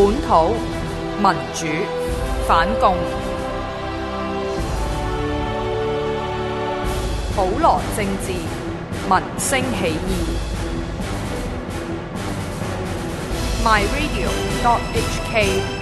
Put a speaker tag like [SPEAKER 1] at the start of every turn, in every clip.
[SPEAKER 1] 本土民主反共，普羅政治民
[SPEAKER 2] 生起義。
[SPEAKER 1] MyRadio.hk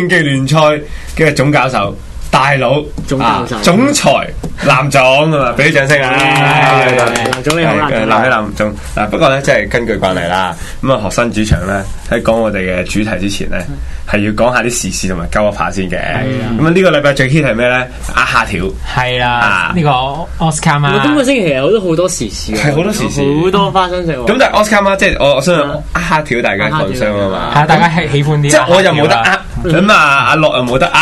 [SPEAKER 3] 電競聯賽嘅總教授大佬，總裁、 藍總啊嘛，俾啲掌聲啊！藍總你好，藍總、哎呀，不過咧即係根據慣例啦，咁啊學生主場咧。喺講我哋嘅主題之前咧，係要講下啲時事同埋購物牌先嘅。咁啊，呢個禮拜最 hit 係咩咧？阿蝦條係啊，
[SPEAKER 2] 呢個 Oscar 啊。今
[SPEAKER 3] 個星期啊，我都好多時事，係好多時事，好多花生食。咁但係 Oscar 啊，即係我想阿蝦條大家講聲啊嘛。大家係喜歡啲，即係我又冇得呃，咁啊阿樂又冇得呃，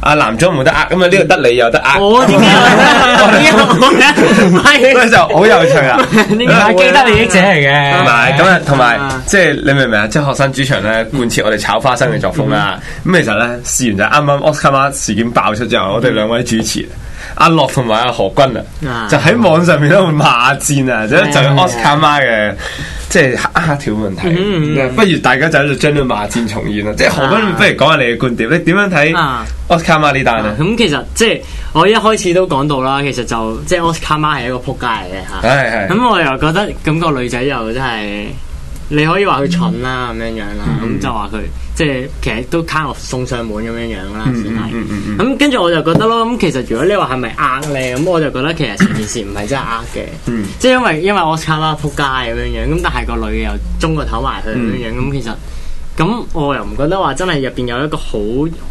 [SPEAKER 3] 阿藍總冇得呃，咁啊呢個得你又得呃。我點啊？我點啊？嗰陣就好有趣啊。呢個係既得利益者嚟嘅，同埋咁啊，同埋即係你明唔明啊？即係學生。主場咧，貫徹我哋炒花生嘅作風啦，咁其實咧，事緣就啱啱 Oscar 媽事件爆出之後，我哋兩位主持阿樂同埋阿何君啊，就喺網上面喺度罵戰啊，就 Oscar 媽嘅即係阿條問題，不如大家就喺度將呢個罵戰重現啦，即係何君，不如講下你嘅觀點，你點樣睇
[SPEAKER 4] Oscar 媽呢單啊？咁其實即係我一開始都講到啦，其實就即係 Oscar 媽係一個撲街嚟嘅吓，咁我又覺得咁個女仔又真係。你可以話佢蠢啦咁、嗯、樣樣啦，咁、嗯、就話佢即係其實都卡我送上門咁樣樣啦，算係。咁跟住我就覺得咯，咁其實如果你話係咪呃你，咁我就覺得其實成件事唔係真係呃嘅，嗯、即係因為因為我卡啦，撲街咁樣樣，咁但係個女嘅又中個頭埋去咁樣樣，咁、嗯嗯、其實。咁我又唔覺得話真係入邊有一個好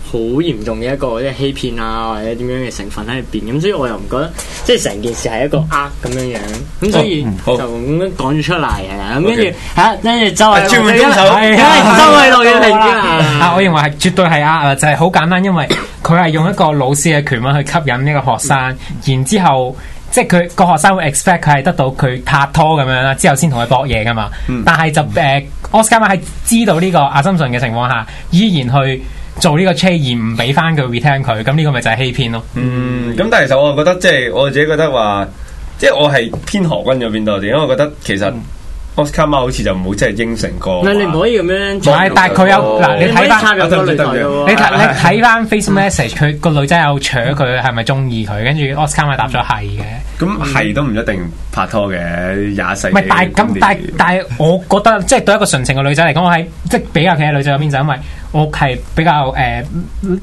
[SPEAKER 4] 好嚴重嘅一個或者個欺騙啊，或者點樣嘅成分喺入邊，咁、嗯、所以我又唔覺得即係成件事係一個呃咁樣樣，咁、嗯、所以就咁講咗出嚟 Okay. 啊，咁跟住嚇，跟住周轉換一首，周偉道嘅評
[SPEAKER 2] 語啊，我認為係絕對係呃就係好簡單，因為佢係用一個老師嘅權威去吸引呢個學生， 然之後。即係佢個學生會 expect 佢係得到佢拍拖咁樣啦，之後先同佢博嘢噶嘛。嗯、但係就誒，Oscar 係知道呢個阿森純嘅情況下，依然去做呢個 check 而唔俾翻佢 return
[SPEAKER 3] 佢，咁呢個咪就係欺騙咯。嗯、咁、嗯、但係其實我係覺得，、嗯、覺得即係我自己覺得話，即係我係偏何君嗰邊多啲，因為我覺得其實。嗯奧斯卡嘛，好似就唔好即係應承過。你唔可以
[SPEAKER 4] 咁
[SPEAKER 2] 樣。唔係，但係
[SPEAKER 3] 佢有嗱，你睇翻，你睇睇
[SPEAKER 2] 翻 Face Message，佢個女仔有卓佢，係咪中意佢？跟住奧斯卡咪答咗係嘅。咁係都唔一定
[SPEAKER 3] 拍拖嘅，廿四。唔係，但係咁，但係
[SPEAKER 2] 但係，我覺得即係對一個純情嘅女仔嚟講，我係即係比較企喺女仔嗰邊，就因為我係比較誒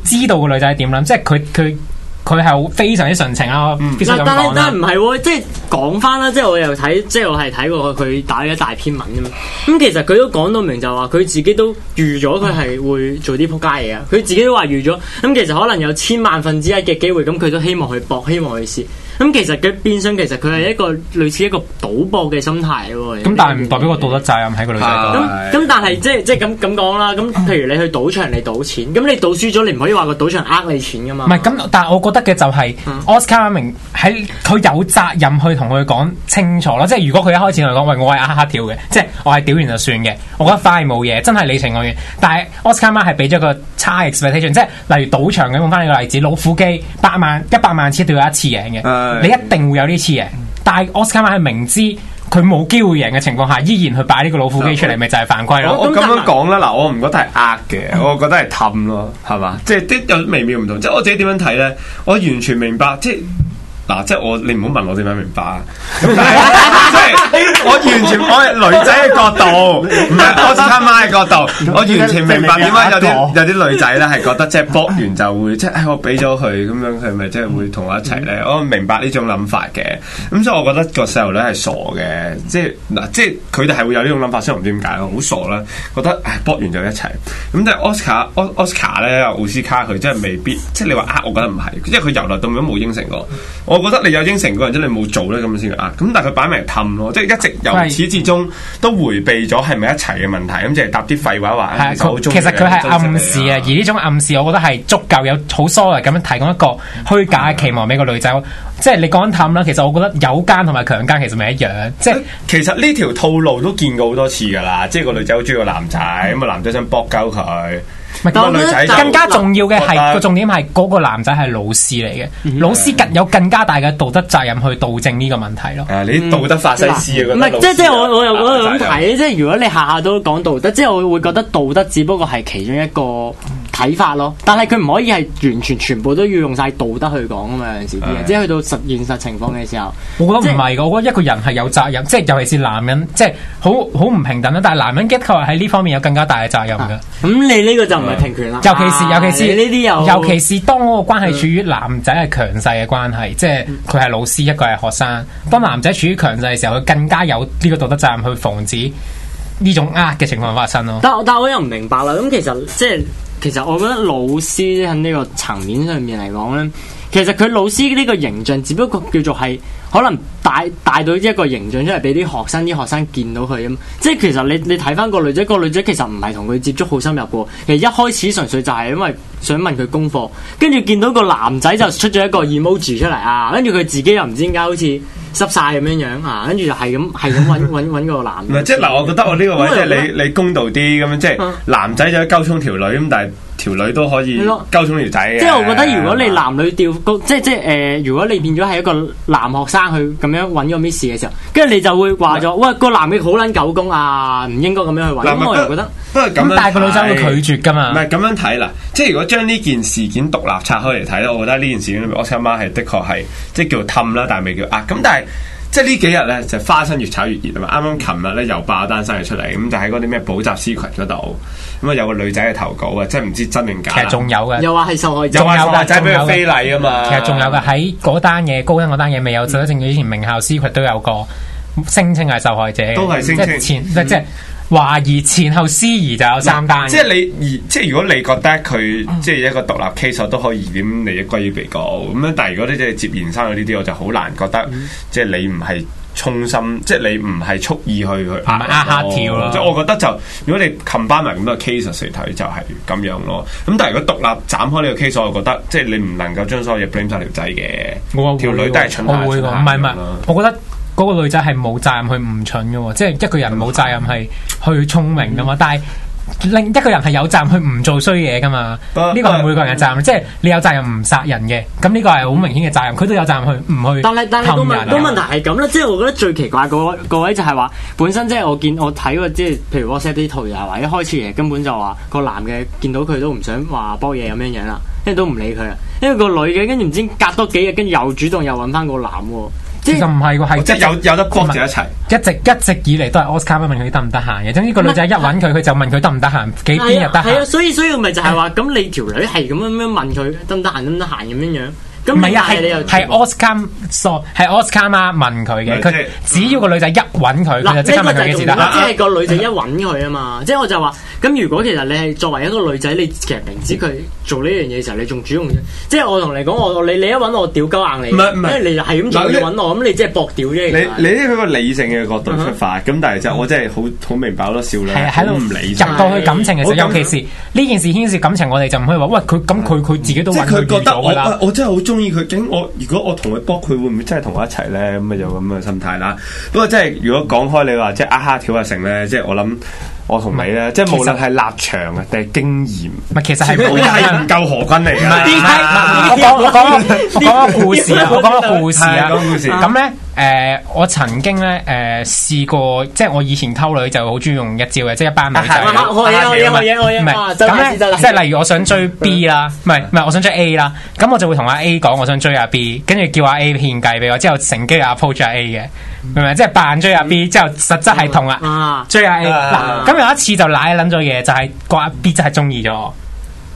[SPEAKER 2] 知道個女仔點諗，即係佢佢。佢係非常之純情啊！其、嗯、須但係、啊、但係
[SPEAKER 4] 唔係喎，即係講返啦，即係我又睇，即係我係睇過佢打咗一大篇文嘅嘛。咁、嗯、其實佢都講到明，就話佢自己都預咗，佢係會做啲撲街嘢啊。佢自己都話預咗。咁、嗯、其實可能有千萬分之一嘅機會，咁、嗯、佢都希望去搏，希望去試。咁其實佢變相其實佢係一個類似一個賭博嘅心態喎。咁但
[SPEAKER 2] 係唔代表個道德責任喺個女仔度。咁
[SPEAKER 4] 但係即係即係咁咁講啦。咁譬如你去賭場嚟賭錢，咁你賭輸咗，你唔可以話個賭場呃你錢
[SPEAKER 2] 噶嘛？唔係咁，但係我覺得嘅就係、是嗯、Oscar Ming 喺佢有責任去同佢講清楚啦。即係如果佢一開始嚟講，喂，我係嚇嚇跳嘅，即係我係屌完就算嘅，我覺得快冇嘢，真係你情我願。但係 Oscar Ming 係俾咗個。差 expectation，即係例如賭場咁，用翻呢個例子，老虎機百萬一百萬次都有一次贏嘅，哎、你一定會有呢次贏。但係奧斯卡曼係明知佢冇機會贏嘅情況下，依然去擺呢個老虎機出嚟，咪就係犯規咯。我咁樣
[SPEAKER 3] 講啦，嗱、嗯，我唔覺得係呃嘅，我覺得係氹咯，係嘛、嗯？即係啲有微妙唔同。即係我自己點樣睇咧？我完全明白，即係。嗱，即係我，你唔好問我點樣明白啊！即係我完全 我係女仔嘅角度，唔係奧斯卡媽嘅角度。我完全明白點解有啲有啲女仔咧係覺得即係搏完就會，即係、 哎、我俾咗佢咁樣，佢咪即係會同我一齊咧？ 我明白呢種諗法嘅。咁、嗯、所以我覺得個細路女係傻嘅，即係嗱，即係佢哋係會有呢種諗法，所以唔知點解咯，好傻啦，覺得博完就一齊。咁即係奧斯卡，O 奧斯卡咧，奧斯卡佢真係未必，即係你話呃，我覺得唔係，因為佢由來到咁冇應承過。我覺得你有應承過人，真係你冇做咧咁先啊！咁但係佢擺明氹咯，即係一直由始至終都回避咗係咪一齊嘅問題，咁就係答啲廢話話。係佢其實佢係暗
[SPEAKER 2] 示啊，而呢種暗示，我覺得係足夠有好疏離咁樣提供一個虛假嘅期望俾個女仔的。即係你講氹啦，其實我覺得有奸同埋強
[SPEAKER 3] 奸其實咪一樣。即係其實呢條套路都見過好多次噶啦，即係個女仔好中意個男仔，咁啊、嗯、男仔想搏鳩佢。嗰個女更加重要嘅係個重點係嗰
[SPEAKER 2] 個男仔係老師嚟嘅，嗯、老師更有更加大嘅道德責任去導正呢個問題咯。啊、嗯，你道德法西斯、嗯、啊？唔係，即係即係我我
[SPEAKER 4] 又我咁睇，即係如果你下下都講道德，即係我會覺得道德只不過係其中一個。睇法咯，但係佢唔可以係完全全
[SPEAKER 2] 部都要用晒道德去講啊嘛。有陣時啲嘢，即係去到實現實情況嘅時候，我覺得唔係噶。我覺得一個人係有責任，即係尤其是男人，即係好好唔平等啦。但係男人的確係喺呢方面有更加大嘅責任噶。咁你呢個就唔係
[SPEAKER 4] 平權啦，尤其是尤其是呢啲尤其是
[SPEAKER 2] 當嗰個關係處於男仔係強勢嘅關係，即係佢係老師，一個係學生。當男仔處於強勢嘅時候，佢更加有呢個道德責任去防止呢種呃嘅情況發生咯。但
[SPEAKER 4] 但我又唔明白啦。咁其實即係。其實我覺得老師喺呢個層面上面嚟講呢，其實佢老師呢個形象只不過叫做係可能帶帶到一個形象出嚟俾啲學生，啲學生見到佢咁。即係其實你你睇翻個女仔，個女仔其實唔係同佢接觸好深入嘅，其實一開始純粹就係因為。想問佢功課，跟住見到個男仔就出咗一個 emoji 出嚟啊，跟住佢自己又唔知點解好似濕晒咁樣樣啊，跟住就係咁係咁揾揾揾個男。
[SPEAKER 3] 即係嗱，我覺得我呢個位即係你你公道啲咁樣，即係男仔想溝通條女咁，但係條女都可以溝通條仔即係我覺得如果你
[SPEAKER 4] 男女調即係即係誒，如果你變咗係一個男學生去咁樣揾個 miss 嘅時候，跟住你就會話咗，嗯、喂個男嘅好撚狗公啊，唔應該咁樣去揾。咁、嗯、我又覺得，不
[SPEAKER 2] 過咁。咁但係個女生會拒
[SPEAKER 3] 絕㗎嘛？唔係咁樣睇啦，即係如果。將呢件事件獨立拆開嚟睇咧，我覺得呢件事件，我聽晚係的確係即係叫氹啦，但係未叫壓。咁但係即係呢幾日咧就花生越炒越熱啊嘛！啱啱琴日咧又爆單新嘢出嚟，咁就喺嗰啲咩補習師群嗰度，咁啊有個女仔嘅投稿啊，即係唔知真定假。其實仲有嘅，又話係受害者，又話個仔俾佢非禮啊嘛。其實仲有嘅
[SPEAKER 2] 喺嗰單嘢，高登嗰單嘢未有，甚至乎以前名校師群都有個聲稱係受害者，都係聲稱前即係。懷疑前後思
[SPEAKER 3] 疑就有三單，即係你，即係如果你覺得佢即係一個獨立 case 都可以點利益歸於被告咁樣，但係如果咧即係接言生咗呢啲，我就好難覺得、嗯、即係你唔係衷心，即係你唔係蓄意去去吓吓吓跳咯。就我覺得就如果你 combine 埋咁多 case 嚟睇，就係咁樣咯。咁但係如果獨立斬開呢個 case，我覺得即係你唔能夠將所有嘢 blame 晒條仔嘅，條女都係蠢吓，唔係唔係，
[SPEAKER 2] 我覺得。嗰個女仔係冇責任去唔蠢嘅，即係一個人冇責任係去聰明噶嘛。但係另一個人係有責任去唔、嗯、做衰嘢噶嘛。呢個係每個人嘅責任，嗯、即係你有責任唔殺人嘅。咁呢個係好明顯嘅責任。佢都有責任去唔去但。但係但係個問個問題係咁啦，即係
[SPEAKER 4] 我覺得最奇怪個位就係話，本身即係我見我睇個即係，譬如 WhatsApp 啲圖又係話，一開始嘅根本就話個男嘅見到佢都唔想話煲嘢咁樣樣啦，跟住都唔理佢啦。因為，
[SPEAKER 2] 因為個女嘅跟住唔知隔多幾日，跟住又主動又搵翻個男。其實唔係喎，係即係有有得框住一齊，一直一直以嚟都係奧斯卡問佢得唔得閒嘅。總之個女仔一搵佢，佢就問佢得唔得閒，幾邊又得閒。係啊，所以所以咪就係話，咁你條
[SPEAKER 4] 女係咁樣樣問佢得唔得閒，得
[SPEAKER 2] 唔得閒咁樣樣。咁唔係，係係奧斯卡，係奧斯卡啊，問佢嘅。佢，只要個女仔一搵佢，佢就即刻問佢嘅事啦。即係個
[SPEAKER 4] 女仔一搵佢啊嘛，即係我就話。咁如果其實你係作為一個女仔，你其實明知佢做呢樣嘢嘅時候，你仲主動啫。即係我同你講，我你你一揾我屌鳩硬你，唔係你係咁有意揾
[SPEAKER 3] 我，咁你即係搏屌啫。你你喺個理性嘅角度出發，咁但係就我真係好好明白好多少女，係喺度唔理解入到去感情嘅時候，尤其是呢件事
[SPEAKER 2] 牽涉感情，我哋就唔可以話喂，佢咁佢佢自己都即係佢覺得我
[SPEAKER 3] 我真係好中意佢，竟我如果我同佢搏，佢會唔會真係同我一齊咧？咁咪有咁嘅心態啦。不過即係如果講開你話即係啊哈條啊成咧，即係我諗。我同你咧，即係無論係立場啊定係經驗，唔係其實係係唔夠何君嚟噶。唔係，我講個講個講個故事，我講個故事啊。咁咧，誒，我
[SPEAKER 2] 曾經咧，誒，試過即係我以前溝女就好中意用一招嘅，即係一班女仔咁即係例如我想追 B 啦，唔係唔係，我想追 A 啦。咁我就會同阿 A 講，我想追阿 B，跟住叫阿 A 獻計俾我，之後乘機啊 approach 阿 A 嘅，明唔明？即係扮追阿 B 之後，實質係同啊追阿 A 咁有一次就瀨捻咗嘢，就係、個、阿 B 真係中意咗我。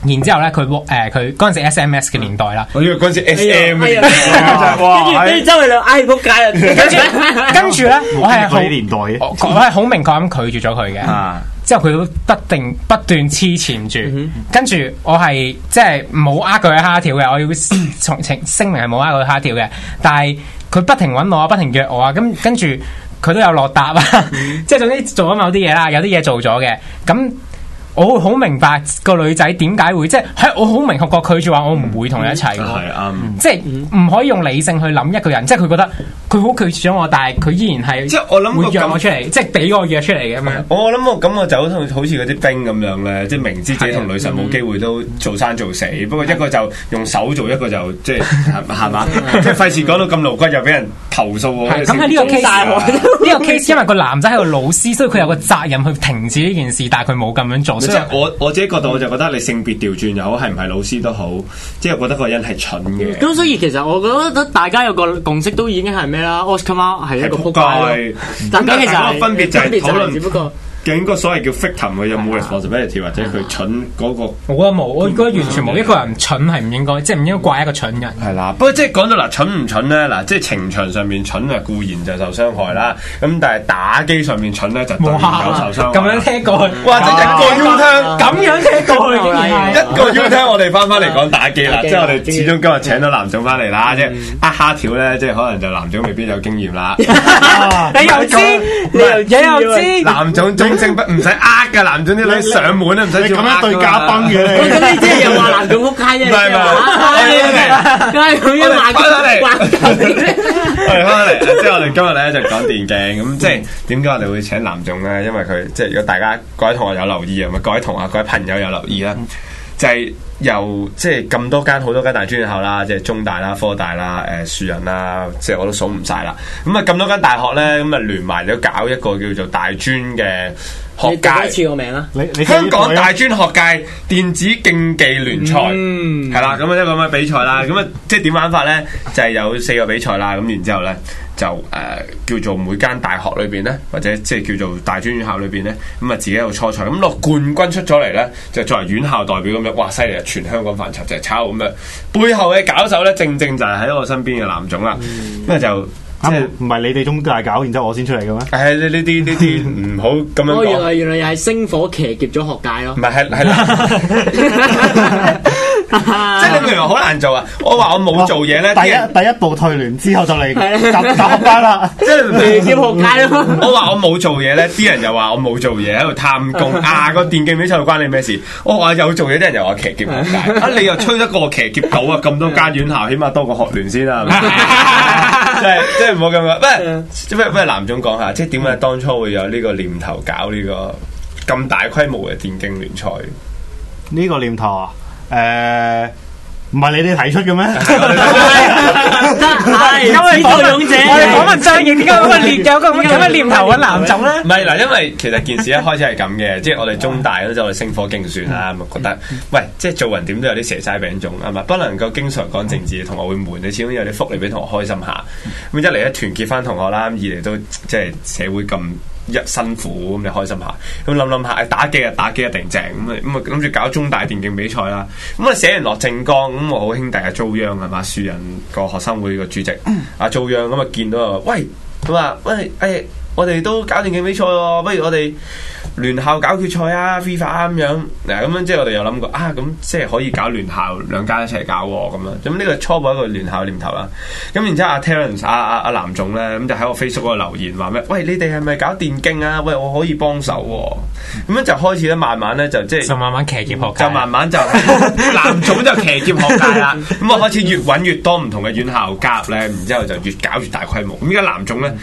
[SPEAKER 2] 然之後咧，佢誒，佢嗰陣時 SMS 嘅年代啦。我因為陣時 SMS 嘅跟住
[SPEAKER 4] 周慧亮，嗌佢仆街啊！跟住，跟住咧，我係好
[SPEAKER 2] 年代，我係好明確咁拒絕咗佢嘅。啊、之後佢都不停不斷黐纏住，嗯、哼跟住我係即係冇呃佢嘅蝦條嘅，我要從情聲明係冇呃佢蝦條嘅。但係佢不停搵我啊，不停約我啊，咁跟住。佢都有落答啊，即 係總之做咗某啲嘢啦，有啲嘢做咗嘅。咁我好明白個女仔點解會即係，就是、我好明確個拒絕話，我唔會同你一齊係啱，即係唔可以用理性去諗一個人，即係佢覺得佢好拒絕咗我，但係佢依然係即係我諗會約我出嚟，
[SPEAKER 3] 即係俾我約出嚟嘅嘛。我諗我咁我就好似嗰啲兵咁樣咧，即係明知自己同女神冇機、嗯嗯、會都做生做死，嗯、不過一個就用手做，嗯、一個就即係係嘛，即係費事講到咁露骨又俾人。投訴咁
[SPEAKER 2] 喺呢個 case，呢個 case 因為個男仔係個老師，所以佢有個責任去停止呢件事，但係佢冇
[SPEAKER 3] 咁樣做，所以我我自己覺得我就覺得你性別調轉又好，係唔係老師都好，即係覺得個人係蠢嘅。咁
[SPEAKER 4] 所以其實我覺得大家有個共識都已經係咩啦？Oscar 係一個撲街，
[SPEAKER 3] 咁其分別就係討論，只不過。竟個所謂叫 fitting 佢有冇 responsibility 或者佢蠢嗰個？我覺得冇，我覺得完全冇。一
[SPEAKER 2] 個人蠢係唔應該，即係唔應該
[SPEAKER 3] 怪一個蠢人。係啦，不過即係講到嗱，蠢唔蠢咧？嗱，即係情場上面蠢啊，固然就受傷害啦。咁但係打機上面蠢咧，就更加受傷害。咁樣聽過去，或者一個要聽，咁樣聽過去，一個要聽我哋翻翻嚟講打機啦。即係我哋始終今日請到藍總翻嚟啦啫。阿蝦條咧，即係可能就藍總未必有經驗啦。
[SPEAKER 2] 你又知，
[SPEAKER 3] 你又知，藍總唔使呃噶，藍總啲女上門都唔使咁樣對嘉賓嘅。 即係又話藍總屋企
[SPEAKER 2] 人嚟，屋
[SPEAKER 3] 企人嚟，屋企人嚟。即係、 就是，我哋今日咧就講電競咁，即係點解我哋會請藍總咧？因為佢即係如果大家各位同學有留意啊，咪各位同學、各位朋友有留意啦。就係由即係咁多間好多間大專院校啦，即係中大啦、科大啦、誒、呃、樹人啦，即係我都數唔晒啦。咁啊咁多間大學咧，咁啊聯埋咗搞一個叫做大專嘅學界黐個名啦，你啊、香港大專學界電子競技聯賽係啦，咁啊一個咁嘅比賽啦，咁啊即係點玩法咧？就係、是、有四個比賽啦，咁然之後咧就誒、呃、叫做每間大學裏邊咧，或者即係叫做大專院校裏邊咧，咁啊自己有個初賽，咁落冠軍出咗嚟咧，就作為院校代表咁樣，哇犀利啊！全香港範疇就係抄咁樣，背後嘅搞手咧，正正就係喺我身邊嘅藍總啦，咁啊、嗯、就。即係唔係你哋中大搞，然之後我先出嚟嘅咩？誒呢呢啲呢啲唔好咁樣。 原來原來又係星火騎劫咗學界咯。唔係係啦。 即係你唔係話好難做啊！我話我冇做嘢咧，第一人
[SPEAKER 1] 第一步退聯之後就嚟走走學班啦。 即係騎劫
[SPEAKER 3] 界啊！我話我冇做嘢咧，啲人又話我冇做嘢喺度探工啊！個電競比賽關你咩事？我話有做嘢，啲人又話騎劫你又吹得過我騎劫到啊？咁多間院校起碼多過學聯先啊！即係即係唔好咁樣。喂，即係咩？喂，藍總講下，即係點解當初會有呢個念頭搞呢個咁大規模嘅電競聯賽？呢個念頭啊！誒，唔係、uh，你哋提
[SPEAKER 1] 出嘅咩？係 因 啊！道
[SPEAKER 2] 勇者， 我哋講埋仗義，點解咁嘅念咁嘅念頭啊，藍總咧？
[SPEAKER 3] 唔係嗱，因為其實件事一開始係咁嘅， 即係我哋中大咧我哋星火競選啦，咁 覺得，喂，即、就、係、是、做人點都有啲蛇齋餅糭啊嘛，不能夠經常講政治，嘅 同學會悶，你始終有啲福利俾同學開心下。咁一嚟一團結翻同學啦，二嚟都即係社會咁。一辛苦咁，你開心下咁諗諗下，打機啊打機一定正咁啊咁啊，諗住搞中大電競比賽啦咁啊，寫人落正江咁，我好兄弟啊，遭殃係嘛？樹人個學生會個主席啊，遭殃咁啊，見到啊，喂，咁啊，喂誒、哎，我哋都搞電競比賽喎，不如我哋。聯校搞決賽啊，Free 咁、啊、樣，嗱咁樣即係我哋又諗過啊，咁即係可以搞聯校兩間一齊搞咁樣，咁呢個初步一個聯校念頭啦。咁然之後阿 Terence 阿、啊、阿阿、啊、藍、啊、總咧，咁就喺我 Facebook 度留言話咩？喂，你哋係咪搞電競啊？喂，我可以幫手、啊。咁樣就開始咧，慢慢咧就即係就慢慢騎劫學界，就慢慢就藍 總就騎劫學界啦。咁我開始越搵越多唔同嘅院校夾咧，然之後就越搞越大規模。咁而家藍總咧。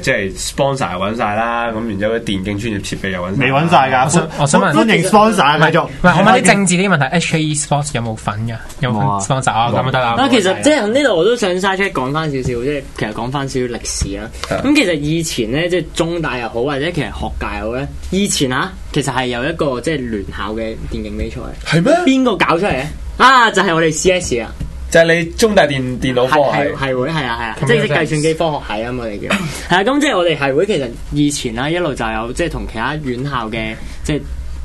[SPEAKER 3] 即係 sponsor 揾晒啦，咁然之後啲電競專業設備又揾，未揾曬㗎。我想問，歡迎 sponsor
[SPEAKER 2] 繼續。喂，係啲政治啲問題？HKE Sports 有冇份㗎？有冇啊？sponsor 咁就得啦。但其實即係
[SPEAKER 4] 呢度我都想晒出嚟講翻少少，即係其實講翻少少歷史啦。咁其實以前咧，即係中大又好，或者其實學界又好咧，以前啊，其實係有一個即係聯校嘅電競比賽。係咩？邊個搞出嚟嘅？啊，就係我哋 CS 啊。就係你中大電電腦科學係係會係啊係啊，即係計算機科學係啊嘛，你叫係啊，咁、嗯、 即係我哋係會其實以前啦，一路就有即係同其他院校嘅 即係。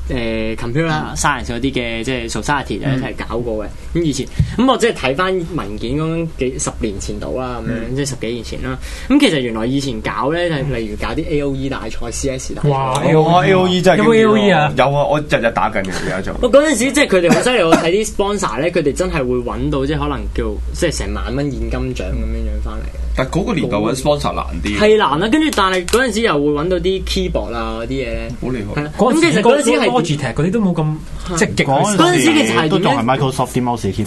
[SPEAKER 4] 誒 computer、science 嗰啲嘅，即係 society 咧一齊搞過嘅。咁以前咁我即係睇翻文件，咁幾十年前到啦，咁樣即係十幾年前啦。咁其實原來以前搞咧，就係例如搞啲 A O E 大賽、C S 大賽。哇！A O E 真係勁
[SPEAKER 3] 啊！有啊，我日日打緊嘅而家
[SPEAKER 4] 就。我嗰陣時即係佢哋好犀利，我睇啲 sponsor 咧，佢哋真係會揾到即係可能叫即係成萬蚊現金獎咁樣樣翻嚟。
[SPEAKER 3] 但係嗰個年代揾 sponsor 難啲。係
[SPEAKER 4] 難啦，跟住但係嗰陣時又會揾到啲 keyboard 啊嗰啲嘢。好厲害！
[SPEAKER 3] 咁其實嗰陣時係。
[SPEAKER 1] Logitech 嗰啲都冇咁是即係積極，嗰陣時其實都仲係 Microsoft 啲 mouse keyboard
[SPEAKER 4] 誒、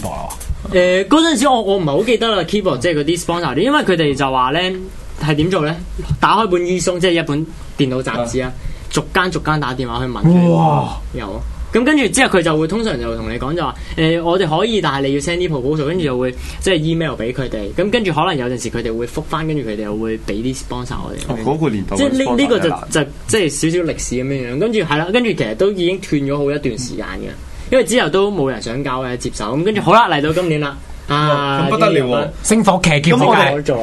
[SPEAKER 4] 呃、嗰陣時我我唔係好記得啦 keyboard 即係嗰啲 sponsor 啲，因為佢哋就話咧係點做咧？打開本 e-Zone 即係一本電腦雜誌啊，的逐間逐間打電話去問佢。哇！有咁跟住之後佢就會通常就同你講就話，誒、呃、我哋可以，但係你要 send 啲 proposal，跟住就會即係 email 俾佢哋。咁、就是、跟住可能有陣時佢哋會覆返，跟住佢哋會俾啲 sponsor
[SPEAKER 3] 我哋。哦，哦，那個、年頭即係呢呢個就、啊、就，
[SPEAKER 4] 就，就即係少少歷史咁樣樣。跟住係啦，跟住其實都已經
[SPEAKER 3] 斷咗好一段時間嘅，嗯、因
[SPEAKER 4] 為之後都冇人想教嘅接手。咁跟住好啦，嚟、嗯、到今年啦。
[SPEAKER 3] 咁、啊、不得了、啊，星火奇傑，咁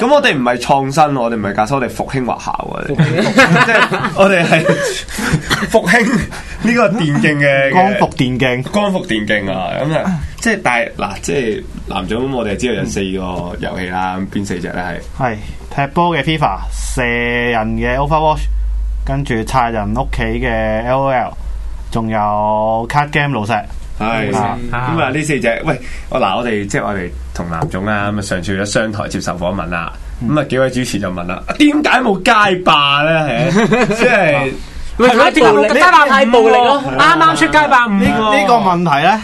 [SPEAKER 3] 我哋唔係創新，我哋唔係革新，我哋復興華夏啊！即係我哋係復興呢個電競嘅光復電競，光復電競啊！咁啊，即係但係嗱，即係藍總，我哋知道有四個遊戲啦，咁邊四隻咧係？
[SPEAKER 1] 係踢波嘅 FIFA，射人嘅 Overwatch，跟住拆人屋企嘅 LOL，仲
[SPEAKER 3] 有 Card Game 爐石。係咁啊！呢四隻喂，我嗱我哋即係我哋同藍總啦，咁啊，上次去咗商台接受訪問啦。咁啊，幾位主持就問啦：點解冇街霸咧？即
[SPEAKER 4] 係喂點街霸太暴力咯？
[SPEAKER 3] 啱
[SPEAKER 1] 啱、啊、出街霸五呢、啊啊啊啊啊這個、個問題咧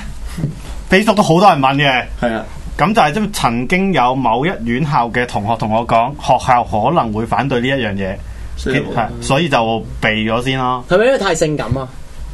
[SPEAKER 1] Facebook 都好多人問嘅。係啊，咁就係即曾經有某一院校嘅同學同我講，學校可能會反對呢一樣嘢，係所以就避咗先咯。係咪、啊、因為太性感啊？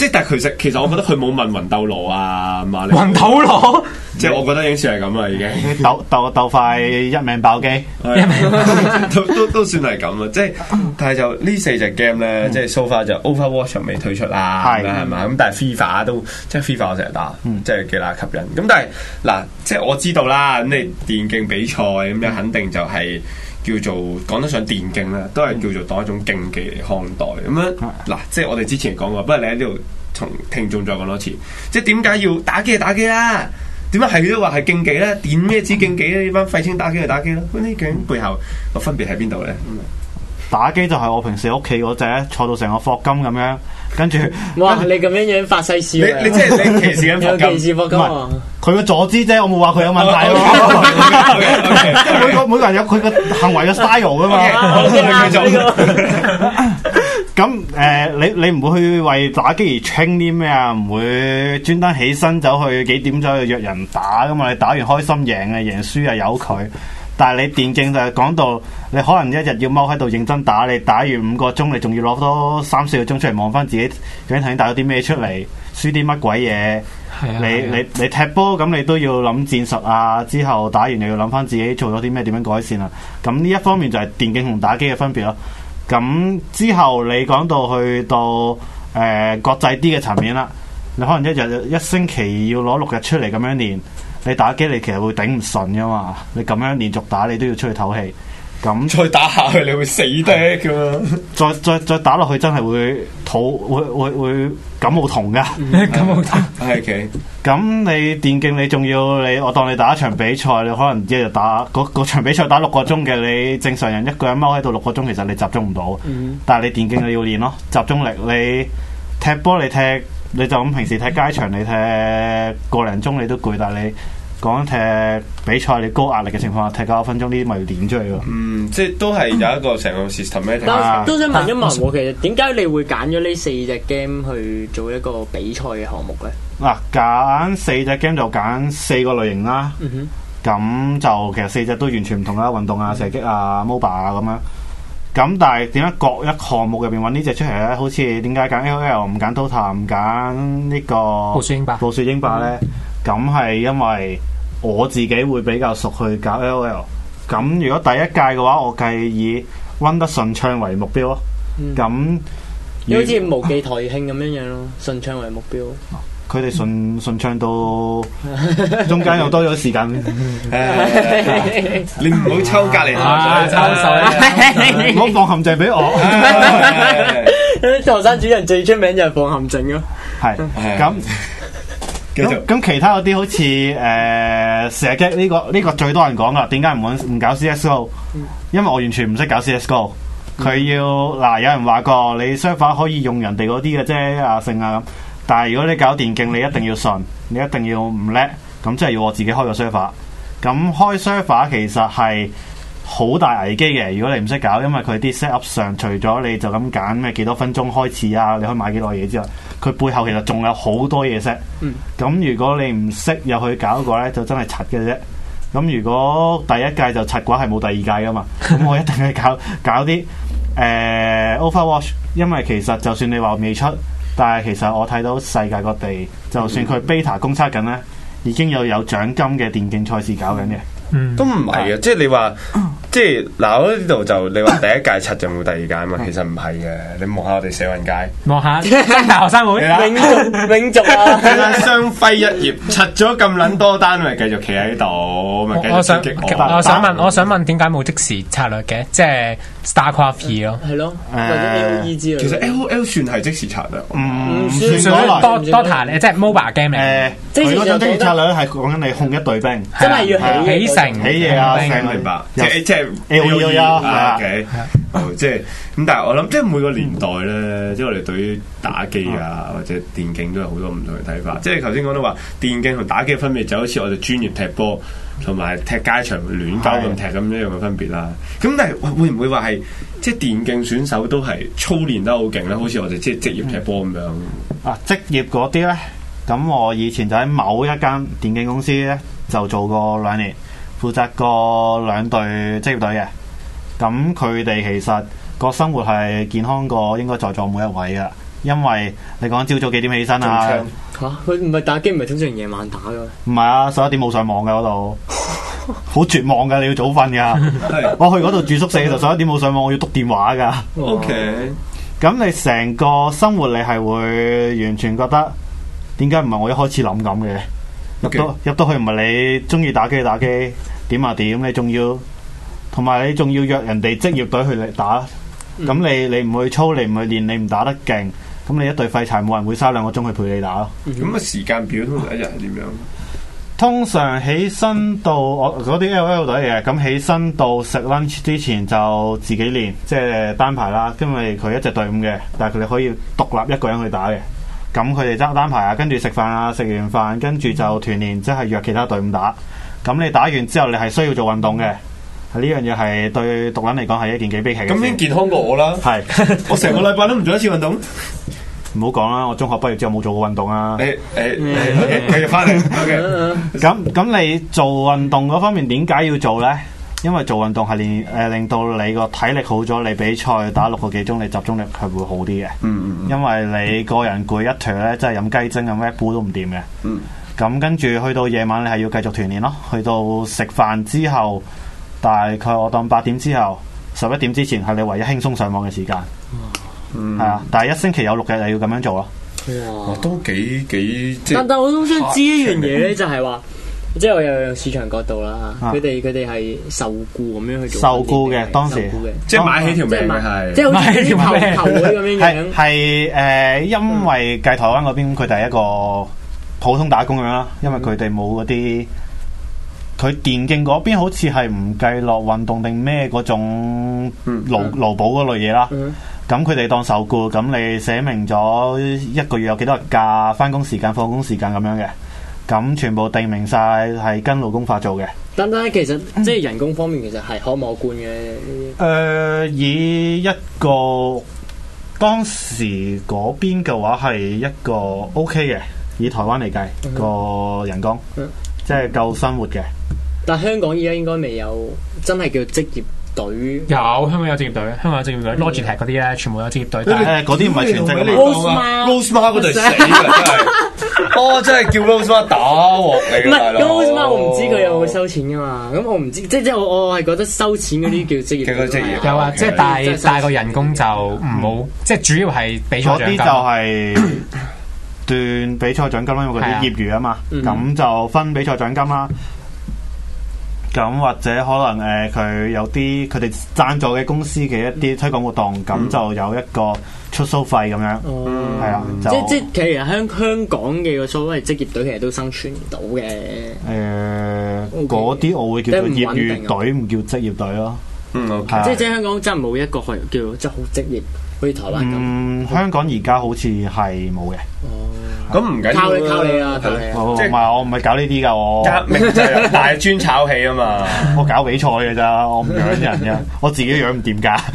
[SPEAKER 3] 即係，但係其實其實我覺得佢冇問魂斗羅啊，馬啊。魂斗羅，即係我覺得已經算係咁啦，已經鬥鬥鬥快一命爆機，都都都算係咁啦。即係，但係就呢四隻 game 咧，即係 so far 就 Overwatch 未推出啦，係嘛，咁，但係 FIFA 都即係 FIFA 我成日打，即係幾大吸引。咁但係嗱，即係我知道啦，咁你電競比賽咁樣肯定就係、是。叫做講得上電競啦，都係叫做當一種競技嚟看待咁樣。嗱的，即係我哋之前講過，不過你喺呢度同聽眾再講多次，即係點解要打機就打機啦、啊？點解係都話係競技咧？點咩之競技咧？呢班廢青打機就打機咯？咁呢究竟背後個分別喺邊度咧？打
[SPEAKER 1] 機就係我平時屋企嗰隻坐到成個霍金咁樣，跟住哇你咁樣樣發
[SPEAKER 4] 細事，你你即係你歧視咁霍金，唔係
[SPEAKER 1] 佢個坐姿啫，我冇話佢有問題。每個每個人有佢個行為嘅 style 噶嘛。咁誒，你你唔會去為打機而傾啲咩啊？唔會專登起身走去幾點走去約人打噶嘛？你打完開心贏啊，贏輸啊由佢。但係你電競就係講到你可能一日要踎喺度認真打，你打完五個鐘，你仲要攞多，多三四個鐘出嚟望翻自己究竟打咗啲咩出嚟，輸啲乜鬼嘢？你你踢波咁，你都要諗戰術啊，之後打完又要諗翻自己做咗啲咩，點樣改善啊？咁呢一方面就係電競同打機嘅分別咯。咁之後你講到去到誒、呃、國際啲嘅層面啦，你可能一日一星期要攞六日出嚟咁樣練。你打機你其實會頂唔順噶嘛？你咁樣連續打你都要出去透氣，咁再打下去你會死得噶 再再再打落去真係會肚會會會感冒痛噶，
[SPEAKER 3] 感冒痛。OK
[SPEAKER 1] 咁你電競你仲要你我當你打一場比賽，你可能一日打嗰嗰場比賽打六個鐘嘅，你正常人一個人踎喺度六個鐘其實你集中唔到。 但係你電競你要練咯，集中力你,你踢波你踢。你就咁平時踢街場，你踢個零鐘你都攰，但係你講踢比賽，你高壓力嘅情況下踢九十分鐘，呢啲咪要點出去咯？嗯，
[SPEAKER 3] 即係都係有一個成個 system 啦、啊。
[SPEAKER 1] 都、啊、都想問
[SPEAKER 4] 一問，啊、我我其實點解你會揀咗呢四隻 game 去做一個比
[SPEAKER 1] 賽嘅項目咧？嗱、啊，揀四隻 game 就揀四個類型啦。咁、嗯、哼就其實四隻都完全唔同啦，運動啊、射擊啊、MOBA 啊咁啊。咁但係點解各一項目入邊揾呢隻出嚟咧？好似點解揀 L O L 唔揀 Dota 唔揀呢個，暴雪英霸。暴雪英霸咧，咁係因為我自己會比較熟去搞 L O L。咁如果第一屆嘅話，我計以玩得順暢為目標咯。咁，好似無記台慶咁樣樣咯，順暢為目標。 佢哋順順暢到，中間又多咗時間、
[SPEAKER 2] 啊
[SPEAKER 1] 哎。你唔好抽
[SPEAKER 3] 隔離，抽、嗯、唔好，好，
[SPEAKER 1] 好，好放陷阱俾我。唐、哎、山主人最出名就係放陷阱咯。係，咁咁其他嗰啲好似誒射擊呢個呢、這個最多人講啦。點解唔唔搞 CSGO？因為我完全唔識搞 CSGO。佢要嗱 preaching 那 麼 buzzer，有人話過你相反可以用人哋嗰啲嘅啫，阿盛啊咁。啊啊啊啊啊啊啊。但係如果你搞電競，你一定要信，你一定要唔叻，咁即係要我自己開個 server 咁，開 server 其實係好大危機嘅，如果你唔識搞，因為佢啲 set up 上除咗你就咁揀咩幾多分鐘開始啊，你可以買幾耐嘢之外，佢背後其實仲有好多嘢 set。咁、嗯、如果你唔識又去搞個呢，就真係柒嘅啫。咁如果第一屆就柒嘅話，係冇第二屆噶嘛。咁我一定係搞搞啲誒、呃、Overwatch，因為其實就算你話未出。但係其實我睇到世界各地，就算佢 Beta 公測緊咧，已經有有獎金嘅電競賽事搞緊嘅。
[SPEAKER 2] 都唔
[SPEAKER 3] 係啊，即係你話，即係嗱，我呢度就你話第一屆出就冇第二屆啊嘛，其實唔係嘅，你望下我哋社運界，望下大學生會，永續永續啊，雙輝一葉，出咗咁撚多單咪繼續企喺度，咪繼續激我。我想
[SPEAKER 2] 問，我想問點解冇即時策略嘅？即係。StarCraft 咯，係咯，或者
[SPEAKER 3] LOL 之類。其實 LOL 算係即時策略，唔算多多
[SPEAKER 2] 彈咧，即係 MOBA game 嚟。即時嗰種即時策略係講緊你控一隊兵，真係要起起
[SPEAKER 1] 城、起嘢啊！明白？即即 LOL 啊，OK。即
[SPEAKER 3] 係咁，但係我諗，即係每個年代咧，即係我哋對於打機啊或者電競都有好多唔同嘅睇法。即係頭先講到話電競同打機嘅分別，就好似我哋專業踢波。同埋踢街場亂交咁踢咁一樣嘅分別啦，咁但係會唔會話係即係電競選手都係操練得好勁咧？好似我哋即係職業踢波咁樣啊！職業嗰
[SPEAKER 1] 啲咧，咁我以前就喺某一間電競公司咧，就做過兩年，負責過兩隊職業隊嘅，咁佢哋其實個生活係健康過，應該在座每一位噶。因為你講朝早幾點起身啊？
[SPEAKER 4] 佢唔係打機，唔係通常夜晚打嘅。
[SPEAKER 1] 唔係啊，十一點冇上網嘅嗰度，好 絕望嘅，你要早瞓噶。我、 哦、去嗰度住宿舍，日，十一點冇上網，我要篤電話噶。O K，咁你成個生活你係會完全覺得點解唔係我一開始諗咁嘅？入到入到去唔係你中意打機打機點啊點？你仲要同埋你仲要約人哋職業隊去嚟打？咁、嗯、你你唔去操，你唔去練，你唔打得勁。咁你一隊廢柴，冇人會嘥兩個鐘去陪你打
[SPEAKER 3] 咯。咁啊，嗯，時間表通常一日係點樣？
[SPEAKER 1] 通常起身到我嗰啲 L. L. 隊嘅，咁起身到食 lunch 之前就自己練，即係單排啦。因為佢一隻隊伍嘅，但係佢哋可以獨立一個人去打嘅。咁佢哋爭單排啊，跟住食飯啊，食完飯跟住就團練，即係約其他隊伍打。咁你打完之後，你係需要做運動嘅。呢樣嘢係對獨玩嚟講係一件幾悲劇嘅。咁已經健康過我啦。係，我成個禮拜都唔做一次運動。唔好講啦，我中學畢業之後冇做過運動啊你。誒、欸、誒，繼、欸欸、續翻嚟。O K。咁咁，你做運動嗰方面點解要做咧？因為做運動係令誒令到你個體力好咗，你比賽打六個幾鐘，你集中力係會好啲嘅、嗯。嗯嗯。因為你個人攰一團咧，即係飲雞精咁咩煲都唔掂嘅。嗯。咁、嗯、跟住去到夜晚，你係要繼續鍛煉咯。去到食飯之後。大概我當八點之後，十一點之前係你唯一輕鬆上網嘅時間，係啊。但係一星期有六日你要咁樣做咯。哇，都
[SPEAKER 3] 幾幾。但但我都想知一樣嘢咧，就係
[SPEAKER 4] 話，即係我又有市場角度啦，
[SPEAKER 1] 佢哋佢哋係受僱咁樣去做。受僱嘅，當
[SPEAKER 3] 時
[SPEAKER 4] 即係買起條命。係
[SPEAKER 3] 即係好似起條命咁
[SPEAKER 1] 係誒，因為計台灣嗰邊佢哋係一個普通打工咁啦，因為佢哋冇嗰啲。佢電競嗰邊好似係唔計落運動定咩嗰種勞勞保嗰類嘢啦，咁佢哋當受雇，咁你寫明咗一個月有幾多日假、返工時間、放工時間咁樣嘅，咁全部定明晒係跟勞工法做嘅。等
[SPEAKER 4] 等，其實即係人工方面，其實係可唔可觀嘅。誒，以
[SPEAKER 1] 一個當時嗰邊嘅話係一個 OK 嘅，以台灣嚟計個人工，即係夠生活嘅。但香
[SPEAKER 4] 港依家應該未有真係叫職業隊，
[SPEAKER 2] 有香港有職業隊，香港有職業隊，Logitech
[SPEAKER 3] 嗰啲咧，全部有職業隊。誒，嗰啲唔係全職嘛 Rosemar Rosemar 嗰隊死啦，哦，真係叫 Rosemar 打喎，唔係 Rosemar
[SPEAKER 4] 我唔知佢有冇收錢噶嘛？咁我唔知，即係即係我我係覺得收錢嗰啲叫職業，叫職業有啊。即係大係個人
[SPEAKER 2] 工就唔好，即係主要係比賽獎金就係段
[SPEAKER 1] 比賽獎金咯，因為嗰啲業餘啊嘛，咁就分比賽獎金啦。咁或者可能誒佢有啲佢哋贊助嘅公司嘅一啲推廣活動，咁就有一個出 show 費咁樣，係啊，即即其實香香
[SPEAKER 4] 港嘅所謂職業隊其實都生存唔到嘅。誒，
[SPEAKER 1] 嗰啲我會叫做業餘隊，唔叫職業隊咯。嗯，即即香
[SPEAKER 4] 港真係冇一個係叫即好
[SPEAKER 1] 職業，好似台灣咁。香港而家好似係冇嘅。咁唔緊要，你靠你啊！同埋我唔係搞呢啲噶，我，我家明就
[SPEAKER 3] 係 大專炒戲啊嘛，我搞比賽嘅咋，我唔養人嘅，我自己養唔掂㗎。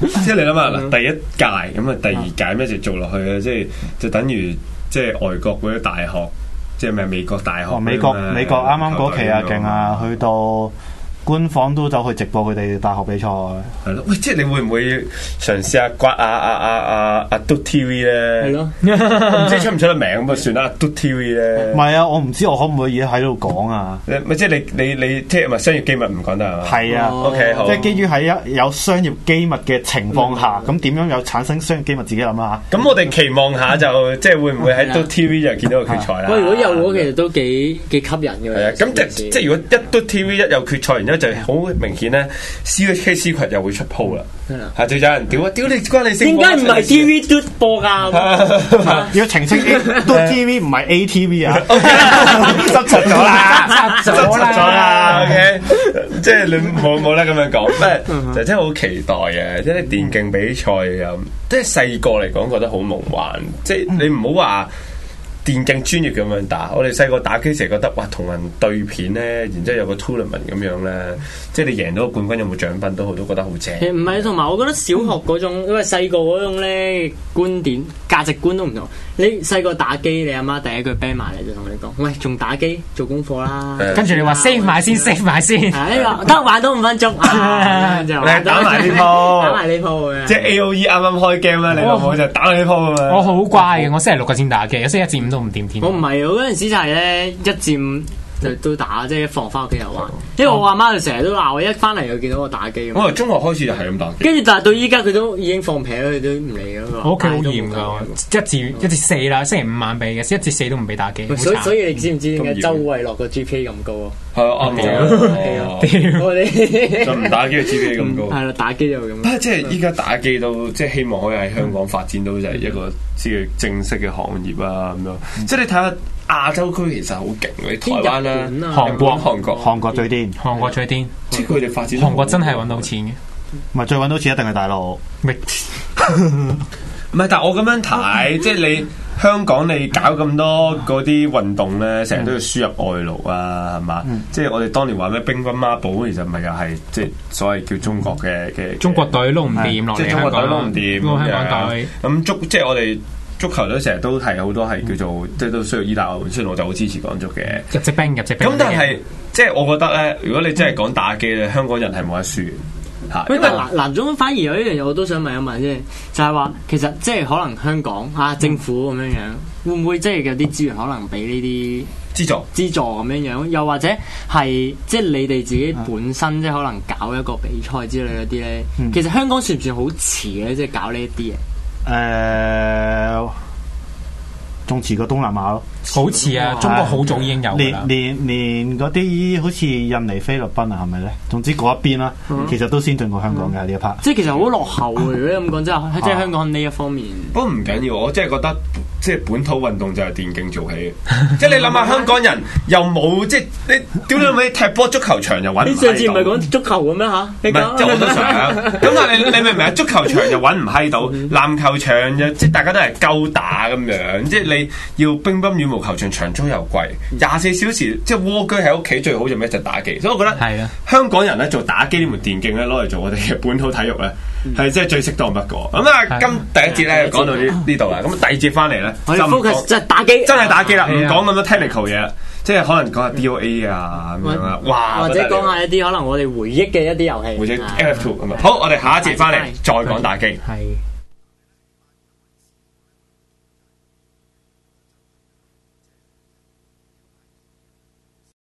[SPEAKER 3] 即係你諗下嗱，第一屆咁啊，第二屆咩就做落去啊，即係就等於即係外國嗰啲大學，即係咩？美國大學、哦？美國美國啱啱嗰期啊，勁國啊，
[SPEAKER 1] 去到～官方都走去直播佢哋大學比賽，係咯？
[SPEAKER 3] 喂，即係你會唔會嘗試下刮啊啊啊啊啊嘟 TV 咧？係咯，唔知出唔出得名咁啊？算啦，嘟 TV 咧。唔係啊，我唔知我可唔可以喺度講啊？咪即係你你你商業機密唔講得係嘛？係啊，OK，即係基於喺一有商業機密嘅
[SPEAKER 1] 情況下，咁點樣有產生商業機密？自己諗下。
[SPEAKER 3] 咁我哋期望下就即係會唔會喺嘟 TV 就見到個決賽啦？喂，如果有嘅其實都幾幾吸引嘅。係啊，咁即係即係如果一嘟 TV 一有決賽。就係好明顯咧，C H C 群又會出鋪啦。嚇，最憎人屌啊！屌你關你事。點解唔係 T V
[SPEAKER 1] d 播㗎、啊？
[SPEAKER 3] 要澄清 A d T
[SPEAKER 1] V 唔係 A T V 啊？一琴一琴 okay，失實咗啦，
[SPEAKER 3] 失實咗啦。O、okay、K，即係你冇冇咧咁樣講咩？就真係好期待啊！即係電競比賽啊！即係細個嚟講覺得好夢幻，即係你唔好話。電競專業咁樣打，我哋細個打機成日覺得，哇，同人對片咧，然之後有個 tournament 咁樣咧，即係你贏到冠軍有冇獎品都好，都覺得好正。唔係，同埋我覺得小
[SPEAKER 4] 學嗰種，因為細個嗰種咧觀點、價值觀都唔同。你細個打機，你阿媽第一句 ban 埋嚟就同你講：喂，仲打機？做功課啦。跟住
[SPEAKER 2] 你話識埋先，
[SPEAKER 4] 識埋先。得玩多五分鐘。打埋呢鋪，打埋呢鋪
[SPEAKER 3] 即係 A O E 啱啱開 game 啦，你可唔可以就打埋呢鋪啊？我好乖嘅，我星期六先打機，我星
[SPEAKER 2] 期一至五我
[SPEAKER 4] 唔係，我嗰陣時就係咧一至五就都打，即係放翻屋企又玩。因為我阿媽就成日都鬧我，一翻嚟就見到我打機，我由
[SPEAKER 2] 中學開始就係咁打，跟
[SPEAKER 4] 住但係到依家佢都已經放屁啦，佢都唔理啦
[SPEAKER 2] 嘛。我屋企好嚴噶，一至一至四啦，星期五晚俾嘅，一至四都唔俾打機。所以你
[SPEAKER 4] 知唔知點解周惠落個 GPA 咁高
[SPEAKER 2] 啊？係啊，屌！屌！
[SPEAKER 4] 屌！
[SPEAKER 3] 就唔打機個 GPA 咁高。係啦，打機就咁。不過即係依家打機都即係希望可以喺香港發展到就係一個即係正式嘅行業啊咁樣。即係你睇下亞洲區其實好勁嘅，台灣啦、韓國、韓國、韓國最掂。韓國最癲，即係佢哋發展。韓國真係揾到錢嘅，唔係最揾到錢一定係大陸。唔 係， 但係我咁樣睇， 即係你香港你搞咁多嗰啲運動咧，成日都要輸入外勞啊，係嘛？ 即係我哋當年話咩乒乓、孖寶，其實唔係又係即係所謂叫中國嘅嘅。 嗯、的中國隊撈唔掂，即係中國隊撈唔掂，香港隊咁足，即係我哋。足球咧成日都提好多係叫做，即係都需要依賴。雖然我就好支持港足嘅入職兵入職兵。咁但係撐即係我覺得咧，如果你真係講打機咧，嗯、香港人係冇得輸嘅嚇。
[SPEAKER 4] 咁但係藍總反而有一樣嘢，我都想問一問啫，就係，是，話其實即係可能香港嚇，啊、政府咁樣樣，會唔會即係有啲資源可能俾呢啲資助資助咁樣樣？又或者係即係你哋自己本身即係可能搞一個比賽之類嗰啲咧？其實香港算唔算好
[SPEAKER 1] 遲咧？即係搞呢一啲嘢？誒，仲遲過東南亞咯。好似啊，中國好早已經有連連連嗰啲好似印尼、菲律賓啊，係咪咧？總之嗰一邊啦，其實都先進過香港嘅呢一 part。
[SPEAKER 3] 即係其實好落後嘅，如果咁講，真係即係香港呢一方面。不過唔緊要，我真係覺得即係本土運動就係電競做起。即係你諗下，香港人又冇即係你屌你可踢波足球場又揾？你上次唔係
[SPEAKER 4] 講足球嘅咩嚇？唔係即係足球場
[SPEAKER 3] 咁啊！你你明唔明啊？足球場又揾唔閪到，籃球場就即係大家都係鳩打咁樣。即係你要乒乓球。毛球場場租又貴，廿四小時即係蝸居喺屋企，最好就咩就打機，所以我覺得係啊香港人咧做打機呢門電競咧攞嚟做我哋嘅本土體育咧係即係最適當不過。咁啊，今第一節咧講到呢呢度啦，咁第二節翻嚟咧就打機，真係打機啦，唔講咁多 table 球嘢，即係可能講下 D O A 啊咁樣啦，哇或者講
[SPEAKER 4] 下一啲可能我哋回憶嘅一啲遊戲，或者 F
[SPEAKER 3] two 啊咁好，我哋下一節翻嚟再講打機。係。